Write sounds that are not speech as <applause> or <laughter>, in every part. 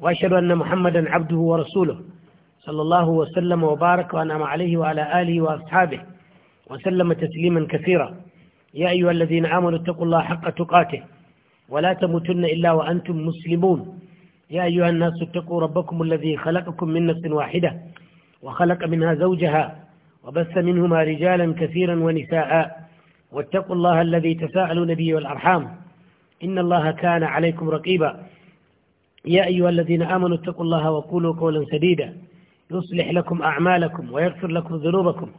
وأشهد أن محمدا عبده ورسوله صلى الله وسلم وبارك وأنعم عليه وعلى آله وأصحابه وسلم تسليما كثيرا يا أيها الذين آمنوا اتقوا الله حق تقاته ولا تموتن إلا وأنتم مسلمون يا أيها الناس اتقوا ربكم الذي خلقكم من نفس واحدة وخلق منها زوجها وبث منهما رجالا كثيرا ونساء واتقوا الله الذي تساءلون به والأرحام إن الله كان عليكم رقيبا يا أيها الذين آمنوا اتقوا الله وقولوا قولا سديدا يصلح لكم أعمالكم ويغفر لكم ذنوبكم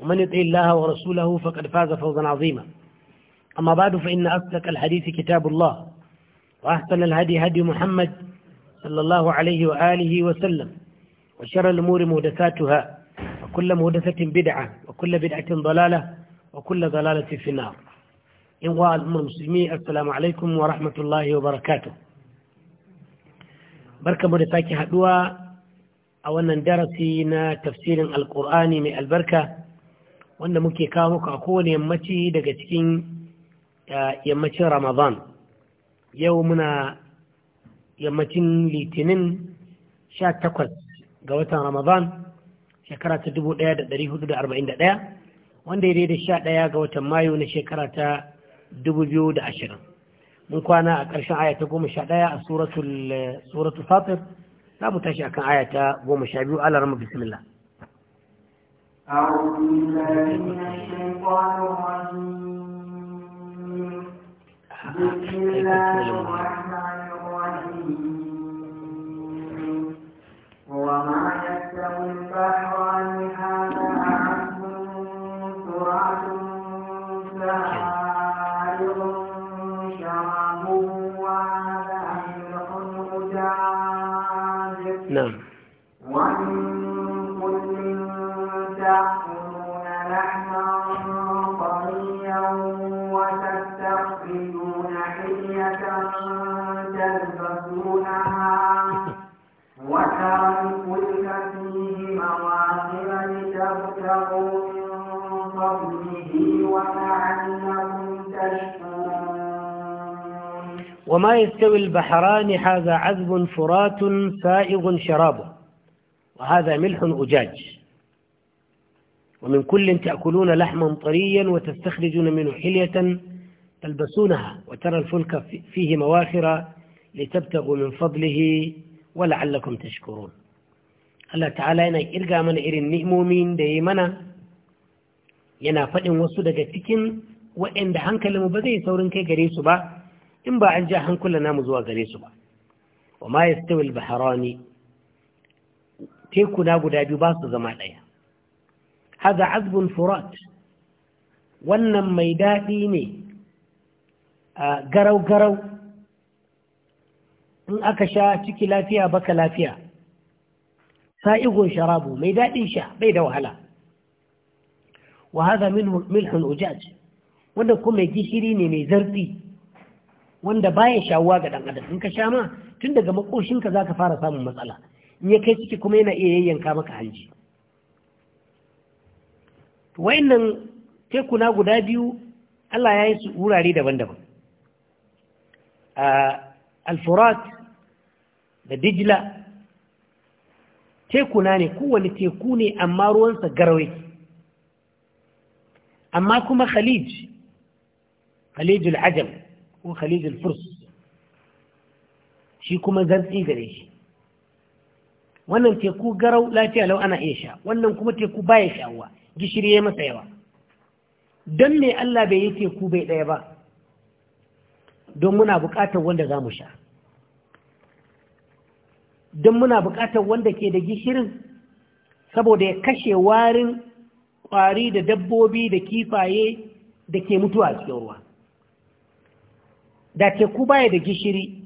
ومن يطع الله ورسوله فقد فاز فوزا عظيما أما بعد فإن أصدق الحديث كتاب الله وأحسن الهدي هدي محمد صلى الله عليه وآله وسلم وشر الأمور مهدثاتها وكل مهدثة بدعة وكل بدعة ضلالة وكل ضلالة في النار إنواء المسلمين السلام عليكم ورحمة الله وبركاته Barka mu da sake haduwa a wannan darasi na tafsirin alkur'ani mai albarka wanda muke kawo muku a kowane yammaci daga cikin eh, yammacin ramadan yau muna yammacin litinin 18 ga watan ramadan shekara ta 1441 wanda ya da 11 ga watan mayu na shekara ta ashirin. من كوانا أكرشان آية قوم الشعداء سورة, سورة فاطر لا متاشي أكن آية قوم الشعبي على رمى بسم الله أعوذ بالله من الشيطان الرجيم بسم الله الرحمن وما يستوي البحران هذا عذب فرات سائغ شرابه وهذا ملح أجاج ومن كل تأكلون لحما طريا وتستخرجون منه حلية تلبسونها وترى الفلك فيه مواخر لتبتغوا من فضله ولعلكم تشكرون الله تعالى إنا إرقى من irin النئمومين ديمنا ya فإن yana وإن wasu daga cikin waɗanda hankalinmu ba in ba an ja hankula namu zuwa gare su ba wa ma yastawil baharani tekuna guda biyu ba su zama ɗaya haza azbun furat wannan mai daɗi ne garau-garau in aka sha ciki lafiya baka lafiya sa'igon sharabu mai daɗin sha bai da wahala wa haza milhun ujaj wanda kuma gishiri ne mai zarfi wanda baya shawuwa ga dan adam in ka sha ma tun daga makoshinka za ka fara samun matsala in ya kai ciki kuma yana iya yayyanka maka hanji wa'annan tekuna guda biyu Allah ya yi su wurare daban-daban alfurat da dijla tekuna ne kowane teku ne amma ruwansa garwai amma kuma khalij khalijul ajam ko khalid furs shi kuma zartsi gare shi wannan teku garau lafiya lau ana iya sha wannan kuma teku baya shawwa gishiri ya masa yawa don me Allah bai yi teku bai ɗaya ba don muna buƙatar wanda za mu sha don muna buƙatar wanda ke da gishirin saboda ya kashe warin ƙwari da dabbobi da kifaye da ke mutuwa a cikin ruwa da teku baya da gishiri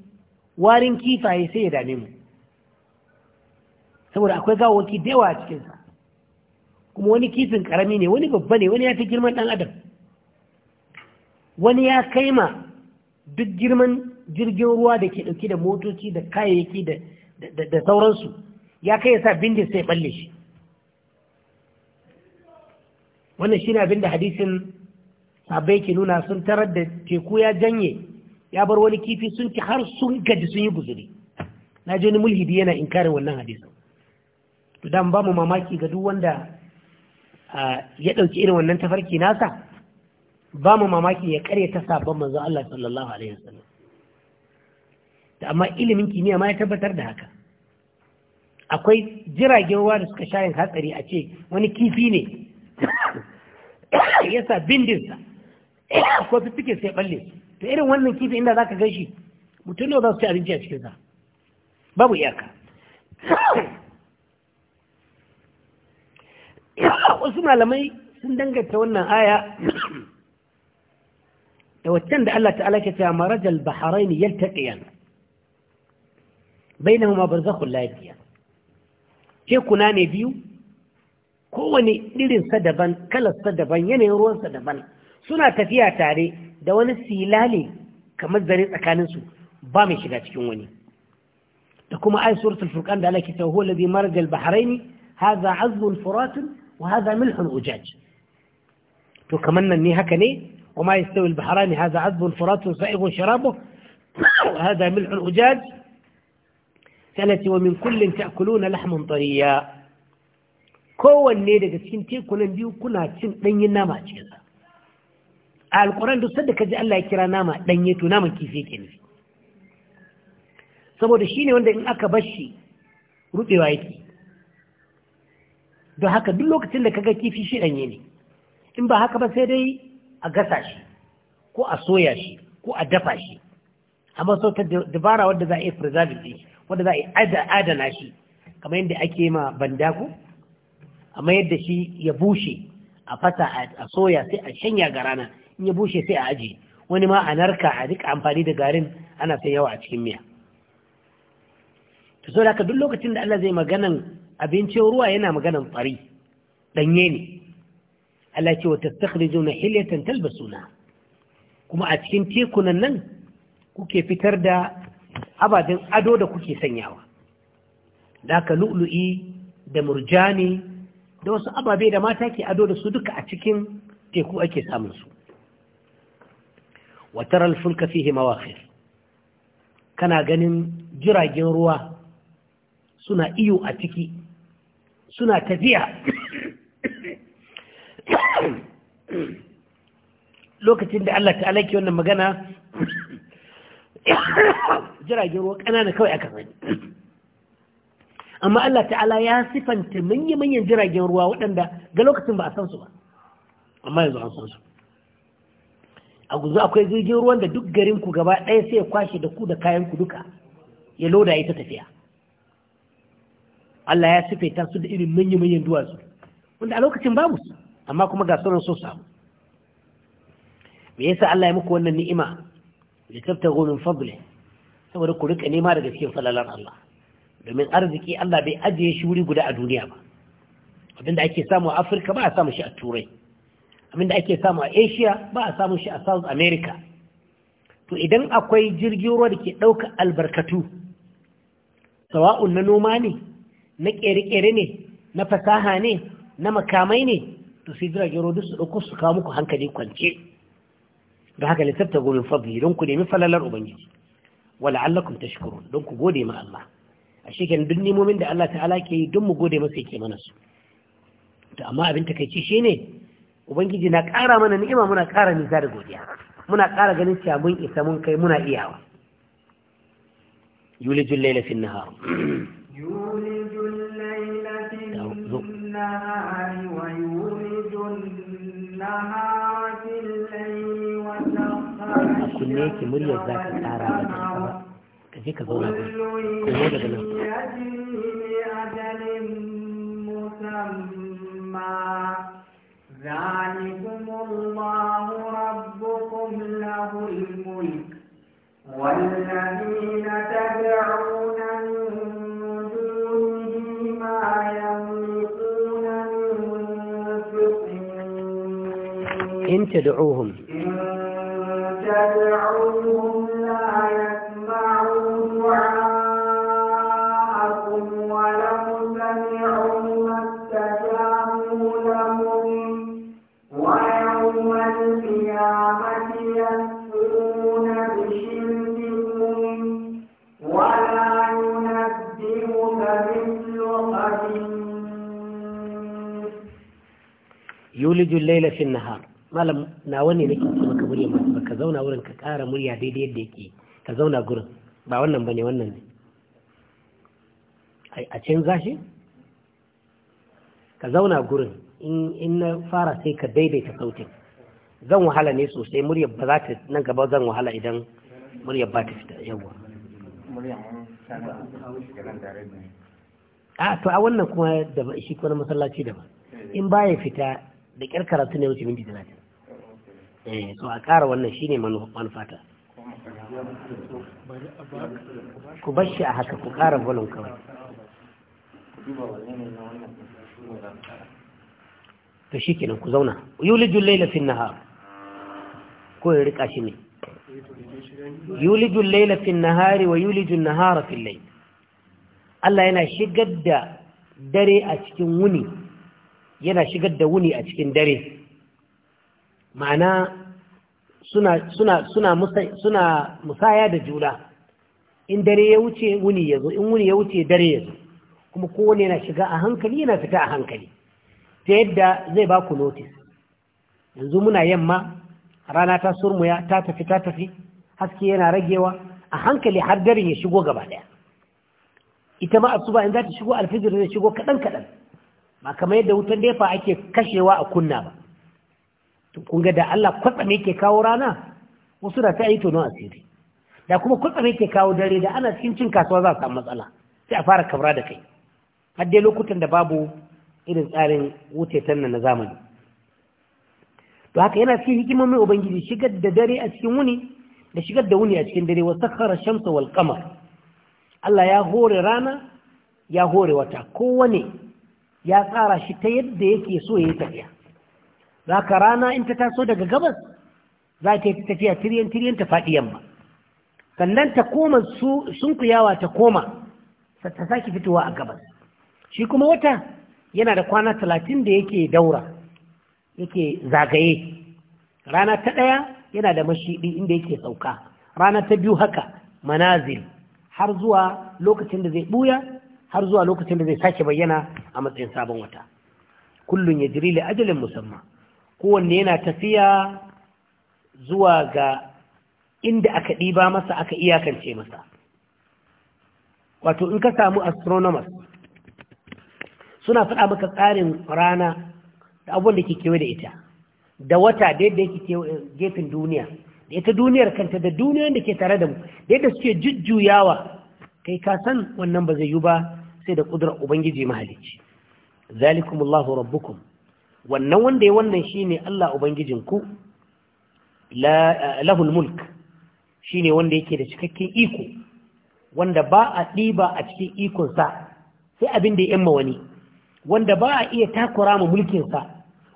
warin kifaye sai ya dame mu saboda akwai gawaki da yawa a cikinsa kuma wani kifin karami ne wani babba ne wani ya fi girman ɗan adam wani ya kai ma duk girman jirgin ruwa da ke ɗauki da motoci da kayayyaki da sauransu ya kai ya sa bindin sai balle shi wannan shi ne abin da hadisin sabai ke nuna sun tarar da teku ya janye ya bar wani kifi sun ci har sun gaji sun yi buzuri. na ji wani mulhidi yana inkarin wannan hadisin to dan ba mu mamaki ga duk wanda ya ɗauki irin wannan tafarki nasa ba mu mamaki ya karya ta sabon manzo Allah sallallahu alaihi wasallam To amma ilimin kimiyya ma ya tabbatar da haka akwai jiragen ruwa da suka shayin hatsari a ce wani kifi ne <coughs> yasa bindinsa <coughs> ko fitike sai balle su to irin wannan kifi inda zaka gan shi mutum nawa za su ci abinci a cikin babu iyaka wasu malamai sun danganta wannan aya da waccan da Allah ta'ala ke cewa marajal baharaini yaltaqiyan bainahuma barzakhul lafiya yabghiyan ke kuna ne biyu kowane irin sa daban kalar sa daban yanayin ruwan sa daban suna tafiya tare da wani silale kamar zare tsakaninsu ba mai shiga cikin wani da kuma ai suratul furqan da Allah ke cewa marja al bahraini hadha azbun furatun wa hadha milhun ujaj to kamar nan ne haka ne kuma yastawi al-bahrani hadha azbun furatun sa'ighun sharabuhu wa hadha milhun ujaj salati wa min kullin ta'kuluna lahman tariya kowanne daga cikin tekunan biyu kuna cin danyen nama cikin sa a duk sadda ka ji Allah ya kira nama ɗanye to naman kifi yake nufi saboda shi ne wanda in aka bar shi ruɓewa yake don haka duk lokacin da kaga kifi shi ɗanye ne in ba haka ba sai dai a gasa shi ko a soya shi ko a dafa shi amma sau ta dabara wadda za a yi preserving shi wadda za a yi adana shi kamar yadda ake ma bandako amma yadda shi ya bushe a fasa a soya sai a shanya ga rana in ya bushe sai a aji wani ma a narka a duk amfani da garin ana sai yawa a cikin miya to saboda haka duk lokacin da Allah zai maganan abincin ruwa yana maganan fari danye ne Allah ce wa tastakhrijuna hilyatan talbasuna kuma a cikin tekunan nan kuke fitar da ababen ado da kuke sanyawa da ka lu'lu'i da murjani da wasu ababe da mata ke ado da su duka a cikin teku ake samun su wa taral fulka fihi mawakhir kana ganin jiragen ruwa suna iyo a ciki suna tafiya lokacin da Allah ta'ala ke wannan magana jiragen ruwa ƙanana kawai aka sani amma Allah ta'ala ya sifanta manya-manyan jiragen ruwa waɗanda ga lokacin ba a san su ba amma yanzu an san su a guzu akwai jirgin ruwan da duk garin ku gaba ɗaya sai ya kwashe da ku da kayan ku duka ya loda ya ta tafiya Allah ya sifaita su da irin manya-manyan duwatsu wanda a lokacin babu su amma kuma ga sauran so samu me yasa Allah ya muku wannan ni'ima li tabtagu min fadli saboda ku rika nema daga cikin falalar Allah domin arziki Allah bai ajiye shi wuri guda a duniya ba abinda ake samu a Afirka ba a samu shi a Turai abinda ake samu a asia ba a samun shi a south america to idan akwai jirgin ruwa da ke ɗauka albarkatu sawa'un na noma ne na ƙere-ƙere ne na fasaha ne na makamai ne to sai jiragen ruwa su ɗauko su kawo muku hankali kwance da haka littatta gomin fabi don ku nemi falalar ubangiji wala allakum tashkurun don ku gode ma Allah a shekin duk nemomin da Allah ta'ala ke yi don mu gode masa yake mana su to amma abin takaici shine ubangiji na ƙara mana ni'ima muna ƙara nisa da godiya muna ƙara ganin cewa mun isa mun kai muna iyawa yuli jun laila na nahar yuli jun laila na nahar wa yuli jun nahar fin laili wa tafsir a kunne ki murya za ka ƙara ba da ba ka je ka zauna ba ka ne daga nan ذلكم الله ربكم له الملك والذين تدعون من دونه ما يملكون من فقير إن تدعوهم إن تدعوهم yuliju laila fi nahar malam na wani ne kike maka murya masu baka zauna wurin ka ƙara murya daidai yadda yake ka zauna gurin ba wannan bane wannan ne a canza zashi? ka zauna gurin in na fara sai ka daidaita sautin zan wahala ne sosai muryar ba za ta nan gaba zan wahala idan muryar ba ta fita yawa a to a wannan kuma da shi kuma masallaci da ba eh. in baya fita da ƙyar karatu ne wuce minti talatin eh, so a ƙara wannan shine manufata ku bar shi a haka ku ƙara bolon kawai to shi kenan ku zauna yulijul laila fi nahar ko ya rika shi ne yulijul laila fi nahari wa yulijul nahara fin lai Allah yana shigar da dare a cikin wuni yana shigar da wuni a cikin dare ma'ana suna musaya da juna in dare ya wuce wuni ya zo in wuni ya wuce dare ya zo kuma kowane yana shiga a hankali yana fita a hankali ta yadda zai ba ku notis yanzu muna yamma rana ta surmuya ta tafi ta tafi haske yana ragewa a hankali har dare ya shigo gaba daya ita ma asuba in za ta shigo alfijir zai shigo kaɗan kaɗan ba kamar yadda wutan defa ake kashewa a kunna ba to kun ga da Allah kwatsam yake kawo rana wasu da ta yi tono asiri da kuma kwatsam ke kawo dare da ana cikin cin kasuwa za a samu matsala sai a fara kabra da kai har dai lokutan da babu irin tsarin wutetan nan na zamani to haka yana cikin hikimomin ubangiji shigar da dare a cikin wuni da shigar da wuni a cikin dare wa sakhara shamsa wal qamar Allah ya hore rana ya hore wata kowane ya tsara shi ta yadda yake so ya yi tafiya za ka rana in ta taso daga gabas za ta yi tafiya tiriyan tiriyan ta faɗi yamma sannan ta koma sunkuyawa ta koma ta sake fitowa a gabas shi kuma wata yana da kwana talatin da yake daura yake zagaye rana ta ɗaya yana da mashiɗi inda yake sauka rana ta biyu haka manazil har zuwa lokacin da zai ɓuya har zuwa lokacin da zai sake bayyana a matsayin sabon wata kullum ya jiri da ajalin musamman kowanne yana tafiya zuwa ga inda aka ɗiba masa aka iyakance masa wato in ka samu astronomers suna faɗa maka tsarin rana da abubuwan da ke kewaye da ita da wata da yadda yake gefen duniya da ita duniyar kanta da duniyar da ke tare da mu da yadda suke jujjuyawa kai ka san wannan ba zai yi ba sai da ƙudurar ubangiji mahalicci zalikumullahu rabbukum wannan wanda ya wannan shine Allah ubangijinku eh, lahul mulk shine wanda yake da cikakken iko wanda ba a ɗiba a cikin ikonsa sai abin da ya yamma wani wanda ba a iya takura ma mulkinsa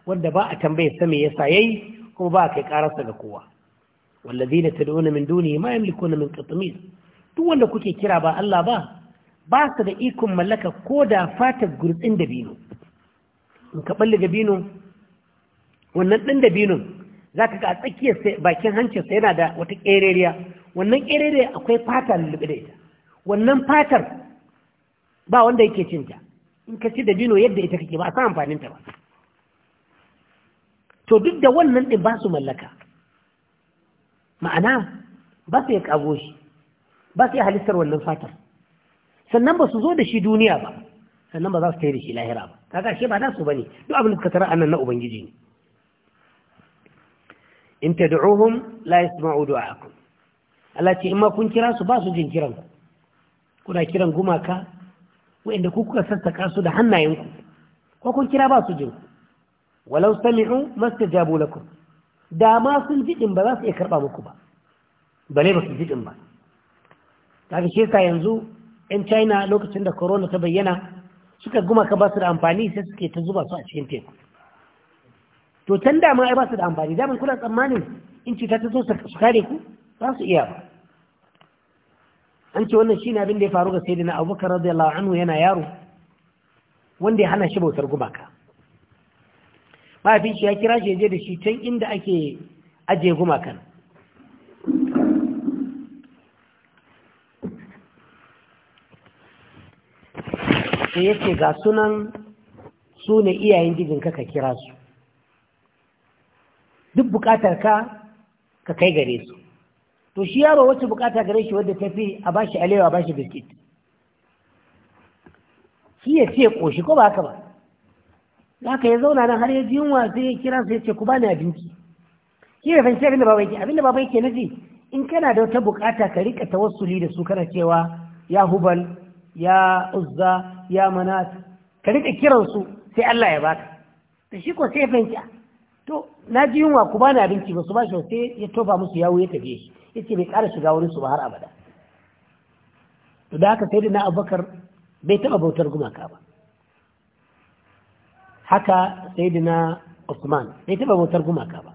wanda ba a tambayar sa mai yasa yayi kuma ba a kai ƙararsa ga kowa wallazina tad'una min dunihi ma na min qitmir duk wanda kuke kira ba Allah ba ba su da ikon mallaka ko da fatar gurtsin binu. in ka da binu, wannan ɗin da binu za ka ga a tsakiyar bakin hancinsa yana da wata ƙerariya wannan ƙerariya akwai fata lullube da ita wannan fatar ba wanda yake cinta in ka ci binu yadda ita kake ba a san amfaninta ba to duk da wannan ɗin ba su mallaka ma'ana ba su ya ƙago shi ba su ya halittar wannan fatar sannan ba su zo da shi duniya ba sannan ba za su kai da shi lahira ba kaga shi ba nasu bane duk abin da suka tara annan na ubangiji ne in tad'uhum la yasma'u du'aakum Allah ce in ma kun kira su ba su jin kiran ku kuna kiran gumaka wanda ku kuka sassaka su da hannayenku ko kun kira ba su jin ku walau sami'u mastajabu lakum da ma sun ji din ba za su iya karba muku ba bale ba su ji din ba kaga shi yasa yanzu 'yan china lokacin da corona ta bayyana suka guma ka ba su da amfani sai suke ta zuba su a cikin teku to can dama ai ba su da amfani damin kuna tsammanin in cuta ta zo su kare ku za su iya ba an ce wannan shine abin da ya faru ga sayyidina abubakar radiyallahu anhu yana yaro wanda ya hana shi bautar gumaka mahaifin shi ya kira shi ya je da shi can inda ake ajiye gumakan sai ya ce ga sunan su ne iyayen gijinka ka kira su duk bukatar ka ka kai gare su to shi yaro wacce bukata gare shi wadda ta fi a bashi alewa a bashi biskit shi ya ce ƙoshi ko ba haka ba za ka ya zauna nan har ya ji yunwa sai ya kira sai ya ce ku bani abinci shi ya fahimci abinda babai ke abinda babai ke ji in kana da wata bukata ka rika tawassuli da su kana cewa ya hubal ya uzza ya manat ka rika kiransu sai Allah ya baka da shi ko sai fanki ah, to na ji yunwa ku bani abinci ba su ba shi sai ya tofa musu yawo ya tafiye shi yace bai ƙara shiga wurin su ba har abada to da haka sai na abubakar bai taɓa bautar gumaka ba haka sai na usman bai taɓa bautar gumaka ba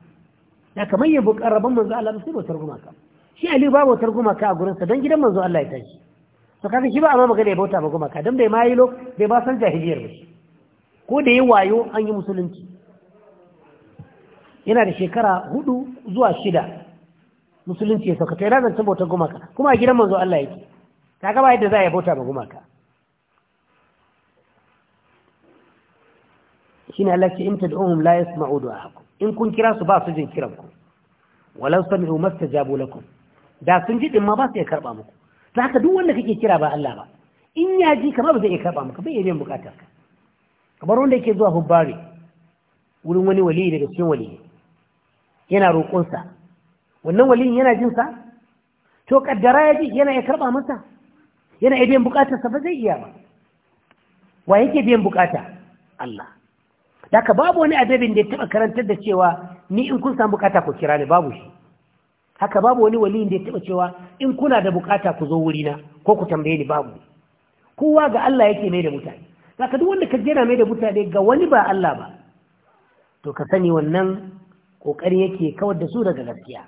da kamar yabo ƙarraban manzo Allah sai bautar gumaka shi ali ba bautar gumaka a gurinsa don gidan manzo Allah ya tashi to kaga shi ba a magana ya bauta ba gumaka don bai ma yi bai ba san jahiliyar ba ko da yi wayo an yi musulunci yana da shekara hudu zuwa shida musulunci ya sauka ta yana zancen bautar gumaka kuma a gidan manzo Allah yake ta gaba yadda za a yi bauta ba gumaka shi ne Allah ce in tad'uhum la yasma'u du'aakum in kun kira su ba su jin kiran ku walau sami'u mastajabu lakum da sun ji din ma ba su ya karba muku Za ka duk wanda kake kira ba Allah ba in ya ji kama ba zai iya karɓa maka bai iya biyan bukatar ka kamar wanda yake zuwa hubbari wurin wani wali daga cikin wali yana roƙonsa wannan wali yana jin sa to kaddara ya ji yana iya karɓa masa yana iya biyan bukatar sa ba zai iya ba wa yake biyan bukata Allah da ka babu wani adabin da ya taɓa karantar da cewa ni in kun samu bukata ku kira ni babu shi haka babu wani waliyin da ya taɓa cewa in kuna da bukata ku zo wurina ko ku tambaye ni babu kowa ga Allah yake mai da mutane zaka duk wanda ka jera mai da mutane ga wani ba Allah ba to ka sani wannan kokari yake kawar da su daga gaskiya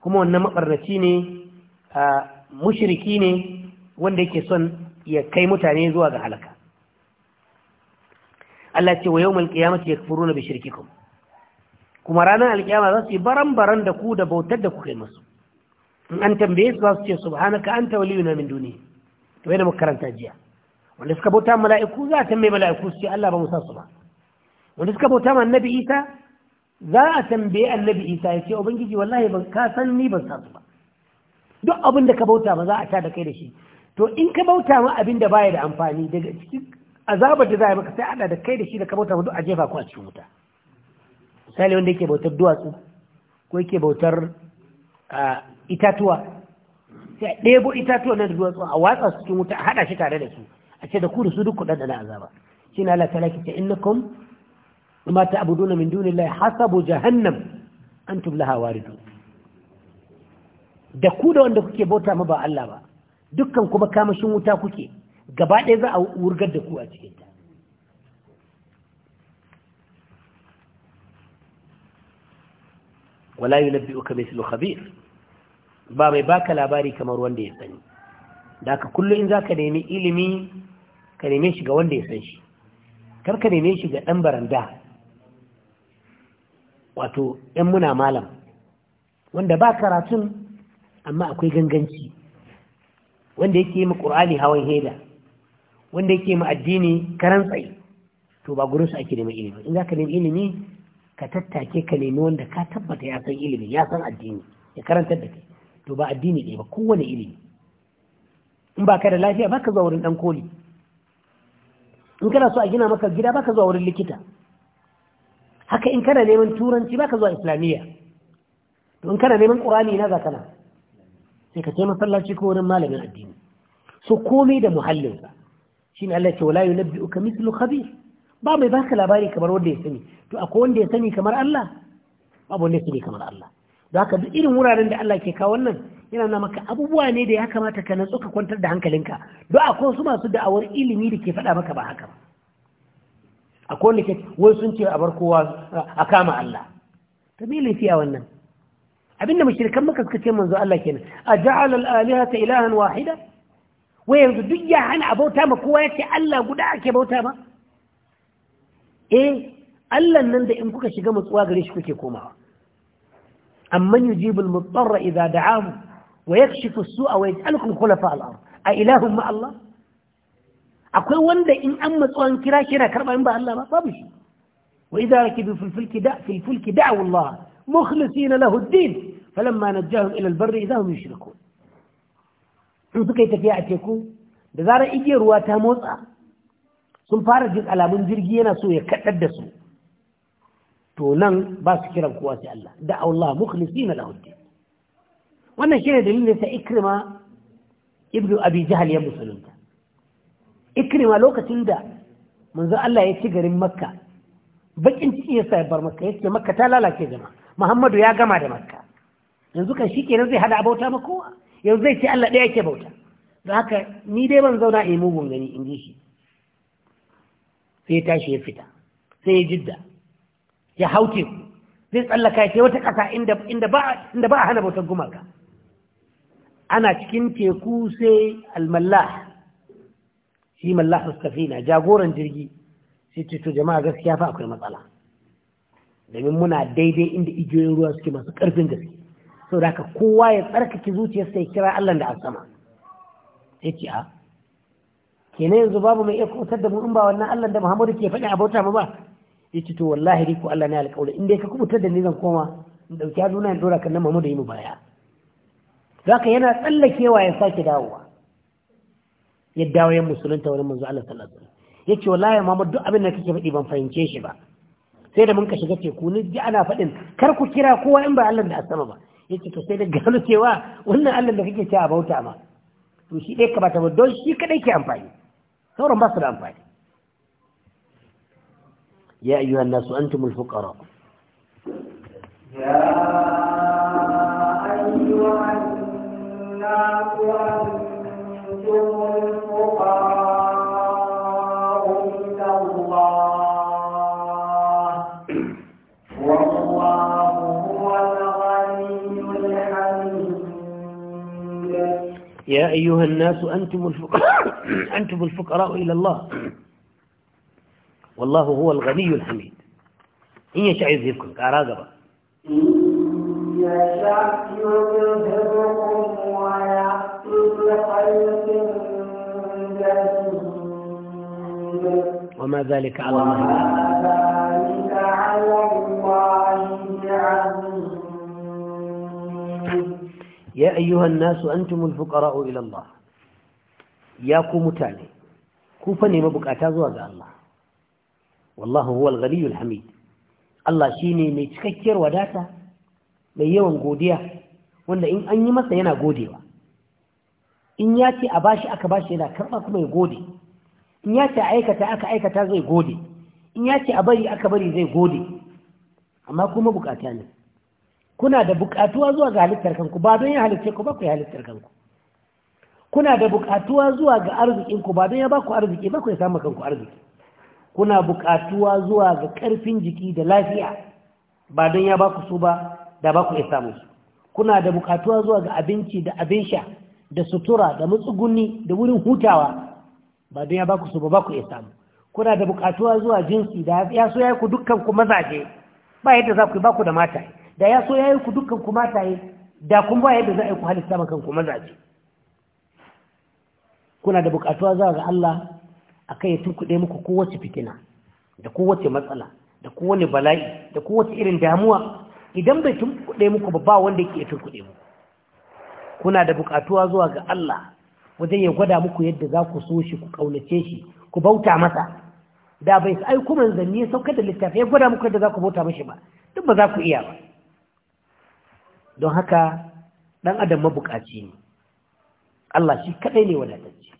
kuma wannan mabarnaci ne mushriki ne wanda yake son ya kai mutane zuwa ga halaka Allah ce wa yawmal qiyamati yakfuruna bi shirkikum kuma ranar alkiyama za su yi baran-baran da ku da bautar da kuka yi masu in an tambaye su za su ce subhanaka anta waliyuna min duniya. to yadda muka karanta jiya wanda suka bauta mala'iku za a tambaye mala'iku su ce Allah ba mu sa su ba wanda suka bauta ma annabi Isa za a tambaye annabi Isa ya ce ubangiji wallahi ban ka san ni ban sa su ba duk abin da ka bauta ma za a ta da kai da shi to in ka bauta ma abin da baya da amfani daga cikin azabar da za a maka sai ada da kai da shi da ka bauta ma duk a jefa ku a cikin wuta misali wanda yake bautar duwatsu ko yake bautar itatuwa sai a ɗebo itatuwa na duwatsu a watsa su cikin wuta a haɗa shi tare da su a ce da ku da su duk kuɗaɗa na azaba shi na Allah ta inna kom? innakum ma ta duna min dunillahi hasabu jahannam tubla laha waridun da ku da wanda kuke bauta ma ba Allah ba dukkan kuma kamashin wuta kuke gaba ɗaya za a wurgar da ku a cikinta wala yunabbi'uka mithlu khabir ba mai baka labari kamar wanda ya sani da ka kullu in zaka nemi ilimi ka neme shi ga wanda ya san shi kar ka neme shi ga baranda wato ɗan muna malam wanda ba karatun amma akwai ganganci wanda yake yi ƙur'ani hawan heda wanda yake yi addini karan tsaye to ba gurinsu ake neman ilimi in za ka nemi ilimi ka tattake ka nemi wanda ka tabbata ya san ilimi ya san addini ya karanta da kai to ba addini ɗaya ba kowane ilimi in ba ka da lafiya ba ka zuwa wurin ɗan koli in kana so a gina maka gida ba ka zuwa wurin likita haka in kana neman turanci ba ka zuwa islamiyya to in kana neman ƙurani na za kana sai ka ce masallaci ko wurin malamin addini so komai da muhallinsa shine Allah ya ce wala yunabbi'uka mithlu khabir ba mai baka labari kamar wanda ya sani to akwai wanda ya sani kamar Allah babu wanda ya sani kamar Allah don haka duk irin wuraren da Allah ke kawo wannan yana na maka abubuwa ne da ya kamata ka natsu ka kwantar da hankalinka don akwai wasu masu da'awar ilimi da ke faɗa maka ba haka ba akwai wanda ke wai sun ce a bar kowa a kama Allah ta me laifi a wannan abinda mashirkan maka suka ce manzo Allah kenan a ja'ala al ta ilahan wahida wai yanzu duk ya hana a bauta ma kowa yace Allah guda ake bauta ba eh allan nan da in kuka shiga matsuwa gare shi kuke komawa amman yujibul mutarra idza da'ahu wa yakshifu as-su'a wa yaj'alukum khulafa al-ard a ilahum ma Allah akwai wanda in an matsuwan kira shi yana karba in ba Allah ba babu shi wa idza rakibu fil fulki da fil fulki da'u Allah mukhlisina lahu ad-din falamma najjahum ila al-barri idza hum yushrikun in suka yi tafiya a teku da zarar igiyar ruwa ta motsa sun fara jin alamun jirgi yana so ya kaɗar da su to nan ba su kiran kowa sai Allah da Allah mukhlisina lahu din wannan shine dalilin sa ikrima ibnu abi jahal ya musulunta ikrima lokacin da manzo Allah ya ci garin makka bakin ciki ya sai bar makka yake makka ta lalace jama'a muhammadu ya gama da makka yanzu kan shi kenan zai hada abauta ma kowa yanzu zai ce Allah ɗaya yake bauta don haka ni dai ban zauna a yi mugun gani in ji shi sai ya tashi ya fita sai ya jidda ya haute zai tsallaka ya ce wata ƙasa inda ba a hana bautar gumaka ana cikin teku sai almallah shi mallah safina jagoran jirgi sai ce jama'a gaskiya fa akwai matsala domin muna daidai inda igiyoyin ruwa suke masu ƙarfin gaske sau da haka kowa ya tsarkake zuciyarsa ya kira Allah da Asama sama sai ce a kenan yanzu babu mai iya kubutar da mu in ba wannan Allah da Muhammadu ke faɗi a bauta mu ba yace to wallahi riku Allah ne alƙawari in dai ka kubuta da ni zan koma in dauki aduna in dora kan nan Muhammadu yi mu baya zaka yana tsallakewa ya sake dawowa ya dawo yan musulunta wurin manzo Allah sallallahu alaihi wasallam yace wallahi Muhammadu duk abin da kake faɗi ban fahimce shi ba sai da mun ka shiga teku ni ji ana faɗin kar ku kira kowa in ba Allah da asama ba yace to sai da gano cewa wannan Allah da kake a bauta ma to shi dai ka bata ba don shi kadai ke amfani ثورا ما صار انفعال يا ايها الناس انتم الفقراء يا ايها الناس انتم الفقراء يا أيها الناس أنتم الفقراء, <coughs> أنتم الفقراء إلى الله والله هو الغني الحميد إن يشاء يذهبكم أراغبا يشاء يذهبكم على الله وما ذلك على الله وما ذلك على الله ya ayyuhan nasu antumul fuqara'u ila Allah ya ku mutane ku fa ne zuwa ga Allah wallahu huwal ghaniyyul hamid Allah shine mai cikakkiyar wadata mai yawan godiya wanda in an yi masa yana godewa in ya ce a bashi aka bashi yana karba kuma ya gode in yace ce a aikata aka aikata zai gode in yace a bari aka bari zai gode amma kuma bukata ne kuna da buƙatuwa zuwa ga halittar kanku ba don ya halittar ku ba ku halittar kanku kuna da buƙatuwa zuwa ga arzikinku ba don ya ba ku arziki ba ku ya samu kanku arziki kuna buƙatuwa zuwa ga ƙarfin jiki da lafiya ba don ya ba ku su ba da ba ku ya samu su kuna da buƙatuwa zuwa ga abinci da abin sha da sutura da matsuguni da wurin hutawa ba don ya ba ku su ba ba ku ya samu kuna da buƙatuwa zuwa jinsi da ya so ya ku dukkan ku mazaje ba yadda za ku yi ba ku da mata da ya so ya yi ku dukkan ku mataye da kun ba yadda za a yi ku halitta ma kanku ce. kuna da bukatuwa za ga Allah a kai ya tunkuɗe muku kowace fitina da kowace matsala da kowane bala'i da kowace irin damuwa idan bai tunkuɗe muku ba ba wanda yake tunkuɗe muku kuna da bukatuwa zuwa ga Allah wajen ya gwada muku yadda za ku so shi ku kaunace shi ku bauta masa da bai sai kuma manzanni ya saukar da littafi ya gwada muku yadda za ku bauta mashi ba duk ba za ku iya ba don haka dan adam mabukaci ne Allah shi kaɗai ne wadatacce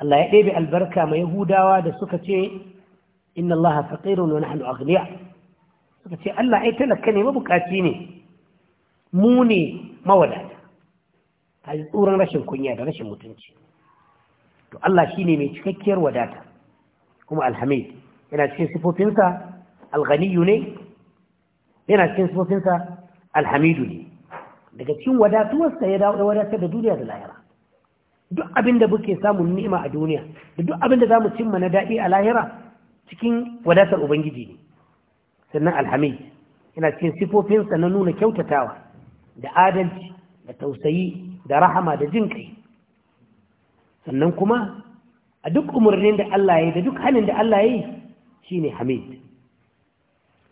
Allah ya ɗebe albarka mai Yahudawa da suka ce inna Allah faqirun wa nahnu aghniya suka ce Allah ai talaka ne mabukaci ne mu ne mawadata a tsoron rashin kunya da rashin mutunci to Allah shine mai cikakkiyar wadata kuma alhamid yana cikin sifofinsa alghaniyu ne yana cikin sifofinsa alhamidu ne daga cikin wadatuwarsa ya dawo wadatar da duniya da lahira duk abin da muke samun ni'ima a duniya da duk abin da za mu cimma na daɗi a lahira cikin wadatar ubangiji ne sannan alhamid yana cikin sifofinsa na nuna kyautatawa da adalci da tausayi da rahama da jin kai sannan kuma a duk umarnin da Allah ya yi da duk halin da Allah ya yi shine hamid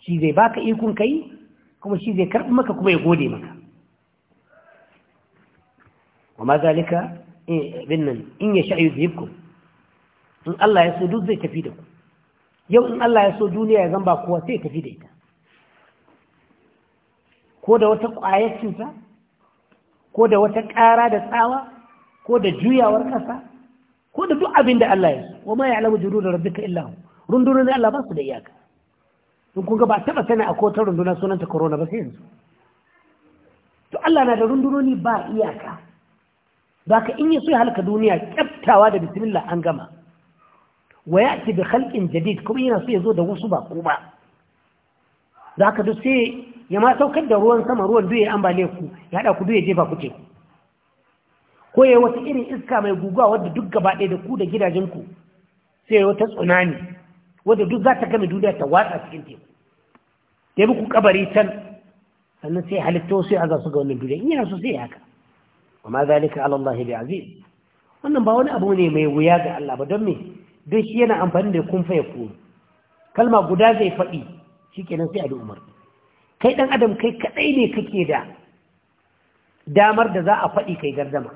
shi zai baka ikon kai kuma shi zai karɓi maka kuma ya gode maka wa ma zalika eh, in ya sha yuzhibkum in Allah ya so duk zai tafi da ku yau in Allah ya so duniya ya zamba kowa sai ya tafi da ita ko da wata ƙwayar cuta ko da wata ƙara da tsawa ko da juyawar ƙasa ko da duk abin da Allah ya so wa ma ya ya'lamu da rabbika illa hu rundunar Allah ba su da iyaka in kun ga ba taɓa sani a kotar runduna sunanta corona ba sai yanzu to Allah na da rundunoni ba iyaka ba ka in yi so ya halka duniya kyaftawa da bismillah an gama wa ya ce bi halƙin jadid kuma yana so ya zo da wasu ba ko ba da ka duk sai ya ma saukar da ruwan sama ruwan duye ambaliya ku ya haɗa ku duye jefa ku ce ko ya wata irin iska mai guguwa wadda duk gaba ɗaya da ku da gidajenku sai ya wata tsunami wadda duk za ta gami duniya ta watsa cikin teku ta yi kabari can sannan sai halitta wasu ya su ga wannan duniya in yana so sai haka wa ma zalika alallahi Allah bi aziz wannan ba wani abu ne mai wuya ga Allah ba don me don shi yana amfani da kun fa ku kalma guda zai faɗi shikenan sai a umar kai dan adam kai kadai ne kake da damar da za a faɗi kai gardama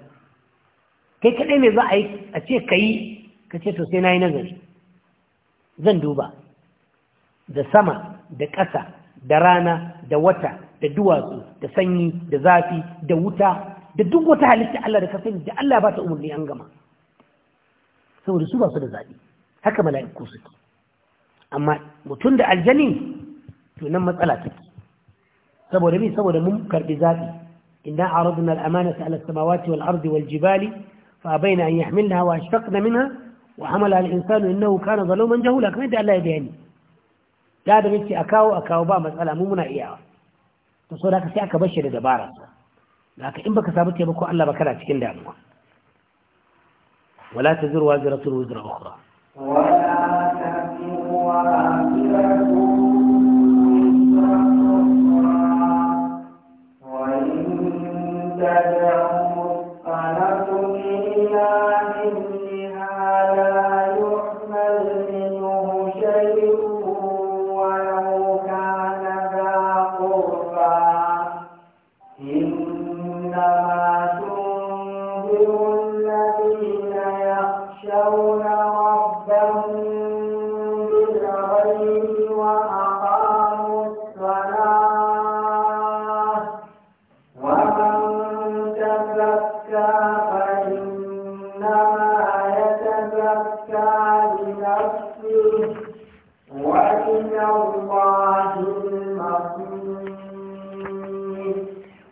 kai kadai ne za a yi a ce yi. ka ce to sai nayi nazari zan duba da sama da ƙasa da rana da wata da duwatsu da sanyi da zafi da wuta da duk wata halitta Allah da kafin da Allah ba ta umarni an gama saboda su ba su da zaɓi haka mala'iku suke amma mutum da aljani to nan matsala take saboda mi saboda mun karɓi zaɓi inna aradna al-amanata ala as-samawati wal ardi wal jibali fa abaina an yahmilnaha wa ashtaqna minha wa hamala al-insanu innahu kana zaluman jahula kamar da Allah ya bayani da da yake a kawo a kawo ba matsala mu muna iyawa to so da ka sai aka bar shi da dabara da ka in baka samu taimako Allah ba kana cikin damuwa wala tazuru wazratun wazra ukhra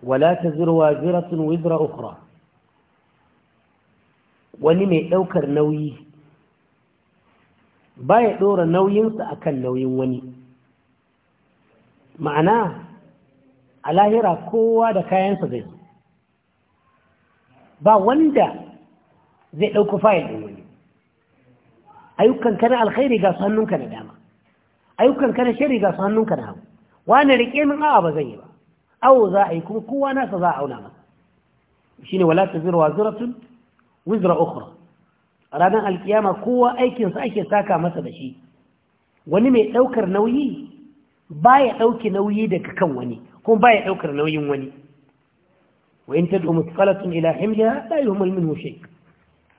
wala ta zirwa ziratun wizra ukra wani mai ɗaukar nauyi ba ya ɗora nauyinsa a kan nauyin wani ma'ana a lahira kowa da kayansa zai ba wanda zai ɗauki fayil ɗin wani ayyukan kana alkhairi ga su hannunka na dama ayyukan kana shari ga su hannunka na hagu wani riƙe min a'a ba zan yi ba awo za a yi kuma kowa nasa za a auna masa shine wala taziru waziratun wizra ukhra ranar alkiyama kowa aikinsa ake saka masa da shi wani mai ɗaukar nauyi baya ɗauke nauyi daga kan wani kuma baya ɗaukar nauyin wani wayin ta domin tsalatun ila himliya ta yi humul minhu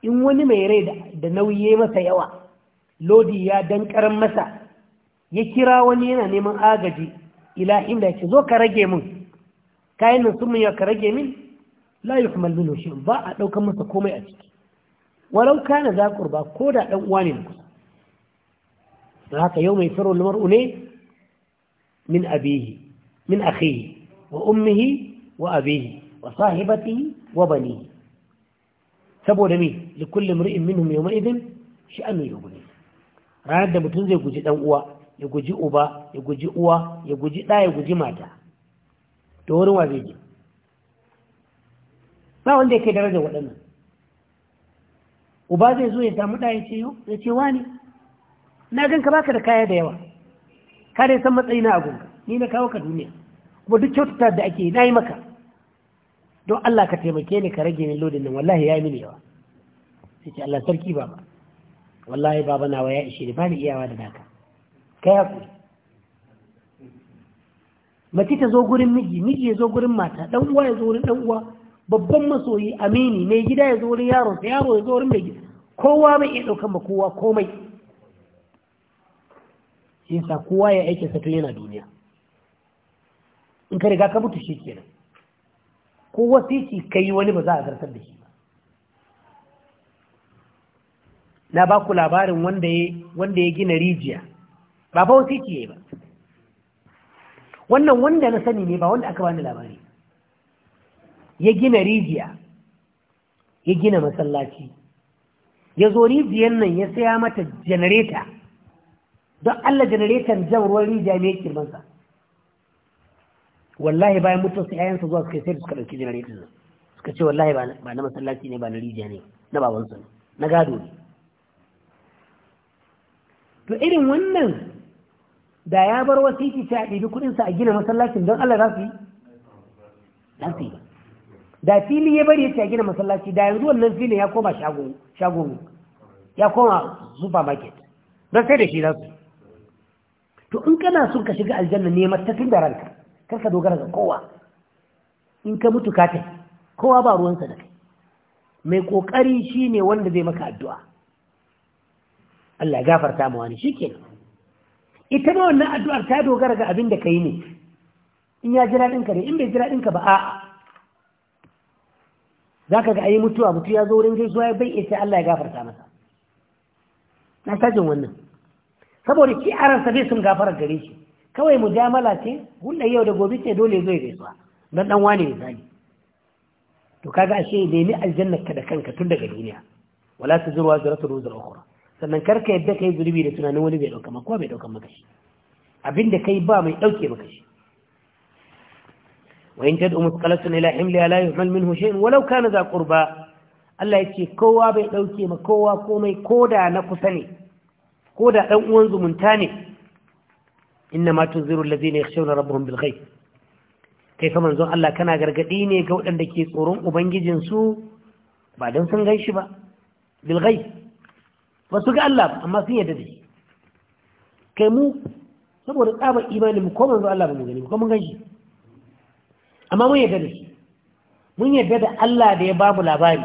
in wani mai rai da nauyi masa yawa lodi ya dankaran masa ya kira wani yana neman agaji ila himliya ce zo ka rage mun kayan nan sun ya ka rage min la yuhmal minhu shi ba a ɗaukan masa komai a ciki walau kana za qurba ko da ɗan uwa ne kusa don haka yau mai firar mar'u ne min abihi min akhihi wa ummihi wa abihi wa sahibatihi wa bani. saboda me likulli mar'in minhum yawma idin sha'anu yughni ranar da mutum zai guji dan uwa ya guji uba ya guji uwa ya guji ɗa ya guji mata Da wurin wa zai je ba wanda ya kai darajar waɗannan uba zai zo ya samu ɗaya ce yau ya ce wani na gan ka baka da kaya da yawa ka dai san matsayi na agun ni na kawo ka duniya kuma duk kyautata da ake na yi maka don Allah ka taimake ni ka rage min lodin nan wallahi ya yi mini yawa sai ce Allah sarki baba wallahi baba na ya ishe ni ba ni iyawa da naka kai hakuri mace ta zo gurin miji miji ya zo gurin mata dan uwa ya zo gurin dan uwa babban masoyi amini mai gida ya zo gurin yaro sai yaro ya zo gurin mai gida kowa bai iya daukan ba kowa komai shi sa kowa ya aike sa tun yana duniya in ka riga ka mutu shi kenan ko wasiki kai wani ba za a zartar da shi ba na ba ku labarin wanda ya gina rijiya ba ba wasiki ya yi ba wannan wanda na sani ne ba wanda aka bani labari ya gina rijiya ya gina masallaci ya zo rijiyar nan ya saya mata janareta don allah janaretan jan ruwan rijiya ne kirmansa wallahi bayan mutum su yayansa zuwa suka sai da suka ɗauki janareta nan suka ce wallahi ba na masallaci ne ba na rijiya ne na babansu ne na gado ne to irin wannan da ya bar wasu sai a ɗibi kuɗinsa a gina masallacin don Allah za su yi da fili ya bari ya ci a gina masallaci da yanzu wannan filin ya koma shagon ya koma supermarket don sai da shi za su to in kana son ka shiga aljanna neman tafin da ranka kar ka dogara ga kowa in ka mutu ka tafi kowa ba ruwansa da kai mai kokari shine wanda zai maka addu'a Allah ya gafarta mu wani shikenan ita ma wannan addu'ar ta dogara ga abin da ka yi ne in ya jira ɗinka ne in bai jira ɗinka ba a'a za ka ga a yi mutuwa mutu ya zo wurin zai ya bai sai Allah ya gafarta masa na tajin wannan saboda ki a bai sun gafarar gare shi kawai mujamala ce hulɗa yau da gobe ce dole zai zai gaisuwa don ɗan wane misali to kaga ashe nemi aljannar ka da kanka tun daga duniya wala ta wa zuratu ruzul ukhra sannan karka yadda yi zunubi da tunanin wani bai dauka maka bai dauka maka abinda kai ba mai dauke maka shi wa in tad'u musqalatan ila himliha la yuhmal hushe in walau kana za qurba Allah ce kowa bai ɗauke ma kowa komai koda na kusa ne koda dan uwan zumunta ne inna ma ne alladhina yakhshawna rabbahum bil ghaib kai fa manzon Allah kana gargadi ne ga waɗanda ke tsoron ubangijinsu ba don sun gan shi ba bil ba su ga Allah amma sun yadda da shi kai mu saboda tsabar imanin mu ko zuwa Allah ba mu gani ko mun gani amma mun yadda da shi mun yadda da Allah da ya ba mu labari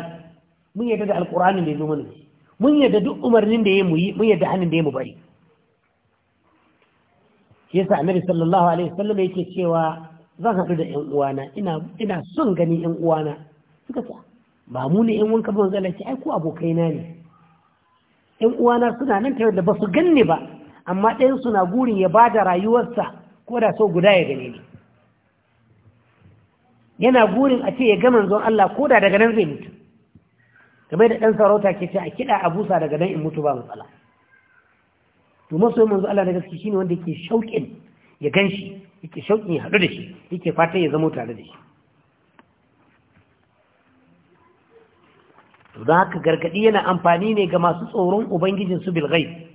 mun yadda da alkur'ani da ya zo mana mun yadda duk umarnin da ya mu yi mun yadda hannun da ya mu bari shi yasa annabi sallallahu alaihi wasallam yake cewa zan haɗu da ƴan uwana ina ina son ganin ƴan uwana suka ce ba mu ne ƴan wanka ba zan ce ai ko abokaina ne ‘yan uwana suna nan ta da ba su ganni ba amma ɗayan suna gurin ya ba da rayuwarsa ko da so guda ya gane ne. yana gurin a ce ya gama manzon Allah ko da daga nan zai mutu game da ɗan sarauta ke ce a kiɗa a busa daga nan in mutu ba matsala to yi manzon Allah na gaske shine wanda yake shauƙin ya gan shi yake shauƙin ya haɗu da shi yake fatan ya zama tare da shi to don haka gargadi yana amfani ne ga masu tsoron ubangijin su bilgai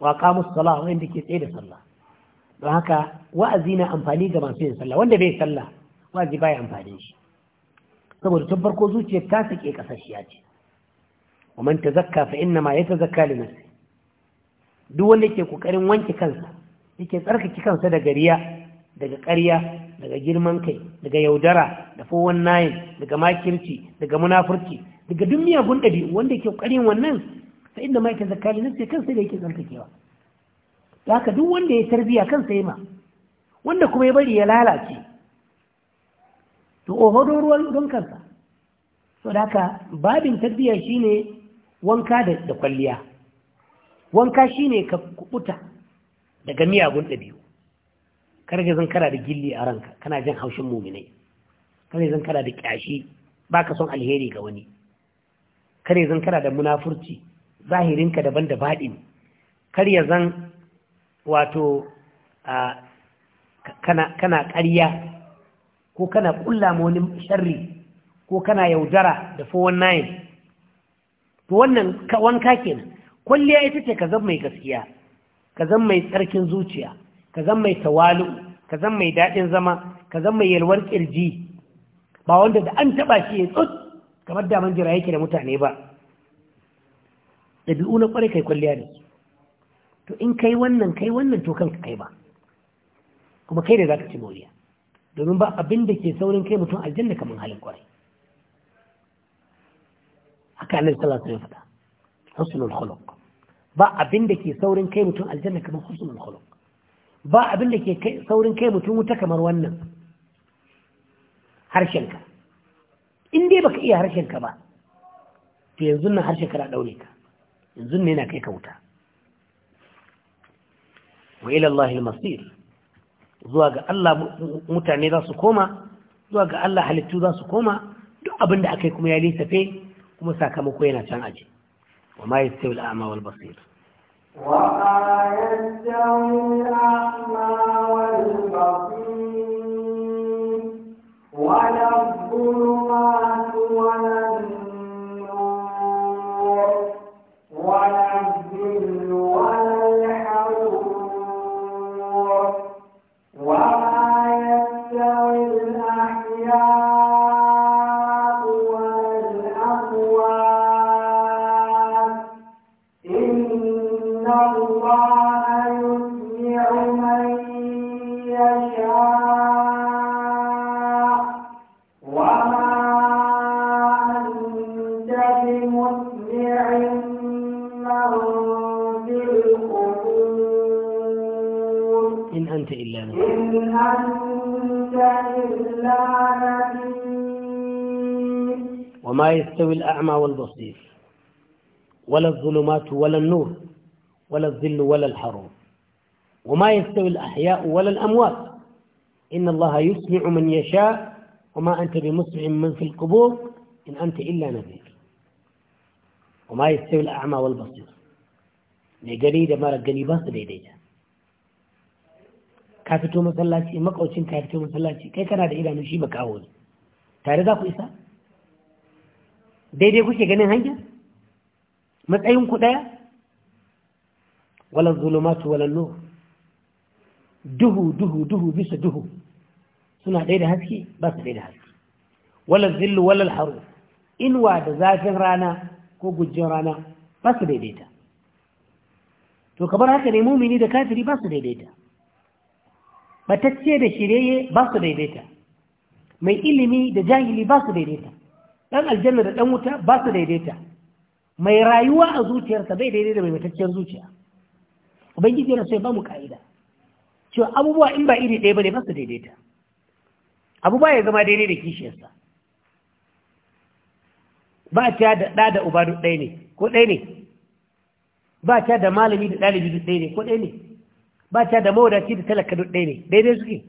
wa kamus salah wanda ke tsaye da sallah don haka wa'azi na amfani ga masu yin sallah wanda bai sallah wa'azi baya amfani shi saboda tun farko zuciyar ta sake kasashiya ce wa man tazakka fa inna ma yatazakka li nafsi duk wanda yake kokarin wanke kansa yake tsarkaki kansa daga riya daga ƙarya daga girman kai daga yaudara da fowon nayin daga makirci daga munafurci daga duk miyagun ɗabi'u wanda yake ƙarin wannan sai inda mai tazakkali kan kansa da yake tsarkakewa da haka duk wanda ya tarbiya kansa ya ma wanda kuma ya bari ya lalace to ohodo ruwan don kansa so da haka babin tarbiya shine wanka da kwalliya wanka shine ka kubuta daga miyagun ɗabi'u karga zan kara da gilli a ranka kana jin haushin muminai karga zan kara da kyashi baka son alheri ga wani kare zan kana da munafurci zahirinka daban da baɗin karya zan wato kana karya, ko kana ƙulla wani sharri ko kana yaudara da 419 to wannan wanka na. kwalliya ita ce ka zan mai gaskiya ka zan mai tsarkin zuciya ka zan mai tawalu ka zan mai daɗin zama ka zan mai yalwar ƙirji ba wanda da an taɓa shi ya tsot kamar da man jira yake da mutane ba ɗabi'u na ƙwarai kai kwalliya ne to in kai wannan kai wannan to kanka kai ba kuma kai da za ka ci moriya domin ba abin da ke saurin kai mutum aljanna kamar halin ƙwarai haka annabi sallallahu alaihi wasallam faɗa husnul khuluq ba abin da ke saurin kai mutum aljanna kamar husnul khuluq ba abin da ke saurin kai mutum wuta kamar wannan harshenka in dai baka iya harshen ka ba to yanzu nan harshen ka na daure ka yanzu ne na kai ka wuta wa ila Allah al-masir zuwa ga Allah mutane za su koma zuwa ga Allah halittu za su koma duk abinda da aka kuma ya lissafe kuma sakamako yana can aji wa ma yastawi al-a'ma wal basir wa ma yastawi al-a'ma wal basir يستوي الأعمى والبصير ولا الظلمات ولا النور ولا الظل ولا الحرور وما يستوي الأحياء ولا الأموات إن الله يسمع من يشاء وما أنت بمسمع من في القبور إن أنت إلا نذير وما يستوي الأعمى والبصير لقريدة ما مالك قلي باس كافتو مثلاتي مقوشين كافتو مثلاتي كيف كان هذا إلى نشي أول تعالى ذاكو إسا daidai kuke ganin hanya matsayin ku daya wala zulumatu wala nur duhu duhu duhu bisa duhu suna ɗaya da haske ba su daidai haske wala zillu wala haru inuwa da zafin rana ko gujjin rana ba su daidaita to kamar haka ne mumini da kafiri ba su daidaita batacce da shirye ba su daidaita mai ilimi da jahili ba su daidaita ɗan aljanna da ɗan wuta ba su daidaita mai rayuwa a zuciyarsa bai daidai da mai mataccen zuciya ubangiji yana so ya ba mu ka'ida cewa abubuwa in ba iri ɗaya ba ne ba su daidaita Abubuwa ya zama daidai da kishiyarsa ba ta da ɗa da uba duk ɗaya ne ko ɗaya ne ba ta da malami da ɗalibi duk ɗaya ne ko ɗaya ne ba ta da mawadaci da talaka duk ɗaya ne daidai suke